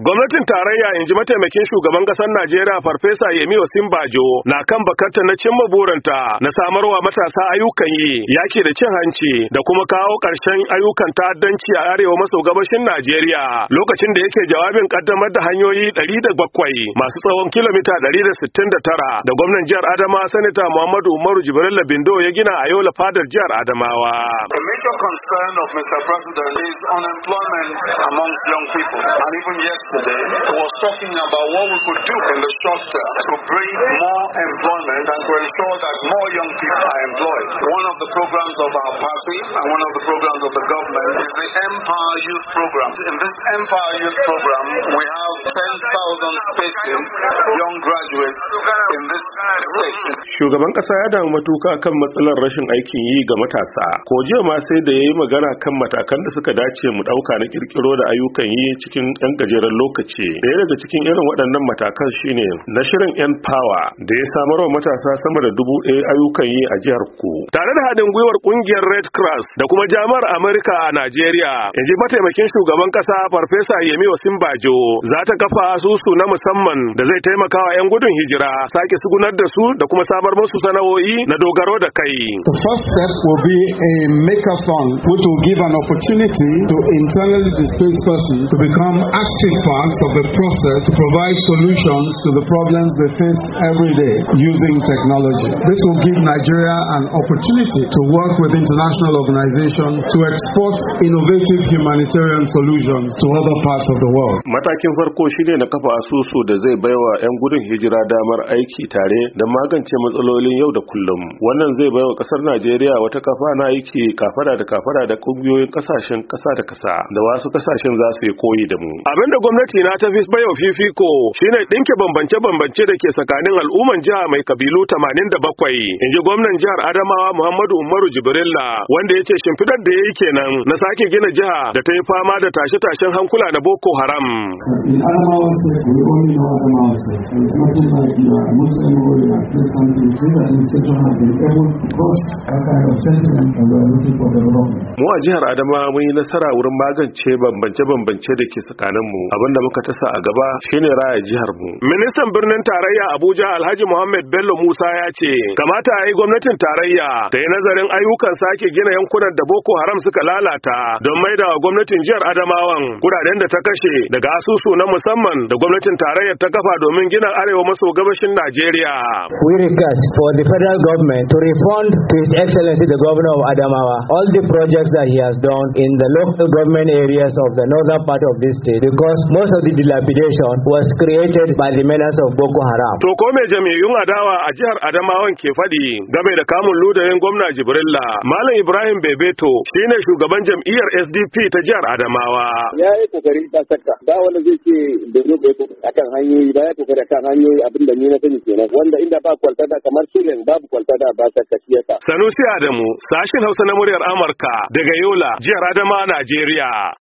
Gwamnatin tarayya in ji mataimakin shugaban ƙasar Najeriya Farfesa Yemi Osinbajo na kan bakarta na cimma burinta na samarwa matasa ayyukan yi, yaki da cin hanci da kuma kawo ƙarshen ayyukan ta'addanci a arewa maso gabashin Najeriya. Lokacin da yake jawabin ƙaddamar da hanyoyi 107 masu tsawon kilomita 169 da gwamnan jihar adamawa Sanata Muhammadu Umaru Jibril Bindo ya gina a Yola fadar jihar Adamawa. The major concern of Mr. President is unemployment among young people and even yet yesterday was talking about what we could do in the short term to bring more employment and to ensure that more young people are employed. One of the programs of our party and one of the programs of the government is the Empower Youth Program. In this Empower Youth Program, we have 10,000 spaces young graduates in this state. Shugaban kasa ya damu matuka kan matsalar rashin aikin yi ga matasa. Ko jiya ma sai da ya yi magana kan matakan da suka dace mu ɗauka na kirkiro da ayyukan yi cikin 'yan gajeren lokaci ɗaya daga cikin irin waɗannan matakan shine na shirin yan power da ya samar wa matasa sama da dubu ɗaya ayyukan yi a jihar ku tare da haɗin gwiwar ƙungiyar red cross da kuma jami'ar amurka a najeriya in ji mataimakin shugaban ƙasa farfesa yemi osinbajo za ta kafa asusu na musamman da zai taimaka wa 'yan gudun hijira sake sugunar da su da kuma samar musu sana'o'i na dogaro da kai the first step will be a fund, which will give an opportunity to internally displaced persons to become active parts of the process provide solutions to the problems they face every day using technology. This will give Nigeria an opportunity to work with international organizations to export innovative humanitarian solutions to other parts of the world. Matakin farko shine na kafa asusu da zai baiwa 'yan gudun hijira damar aiki tare da magance matsalolin yau da kullum. Wannan zai baiwa kasar Najeriya wata kafa na aiki kafada da kafada da kungiyoyin kasashen kasa da kasa da wasu kasashen za su yi koyi da mu. Abinda gwamnati gwamnati na ta fi bayo fifiko shine dinke bambance-bambance da ke tsakanin al'umman jiha mai kabilu 87 in ji gwamnan jihar Adamawa Muhammadu Umaru Jibrilla wanda ya ce shimfidar da ya yi kenan na sake gina jiha da ta yi fama da tashe-tashen hankula na Boko Haram. Mu a jihar Adamawa mun yi nasara wurin magance bambance-bambance da ke tsakaninmu. Abin abin muka tasa a gaba shine raya jihar mu ministan birnin tarayya abuja alhaji muhammad bello musa ya ce kamata a yi gwamnatin tarayya ta yi nazarin ayyukan sake gina yankunan da boko haram suka lalata don maida wa gwamnatin jihar adamawan kudaden da ta kashe daga asusu na musamman da gwamnatin tarayyar ta kafa domin gina arewa maso gabashin najeriya we request for the federal government to refund to his excellency the governor of adamawa all the projects that he has done in the local government areas of the northern part of this state because most of the dilapidation was created by the menace of Boko Haram. To ko me jami'un adawa a jihar Adamawan ke faɗi game da kamun ludayin gwamna Jibrilla. Malam Ibrahim Bebeto shine shugaban jam'iyyar SDP ta jihar Adamawa. Ya yi kokari ta saka. Ba wanda zai ce da zo bai akan hanyoyi ba ya kokari akan hanyoyi abin da ni na sani kenan. Wanda inda ba da kamar Sulen babu da ba saka shi Sanusi Adamu sashin Hausa na muryar Amurka daga Yola jihar Adamawa Najeriya.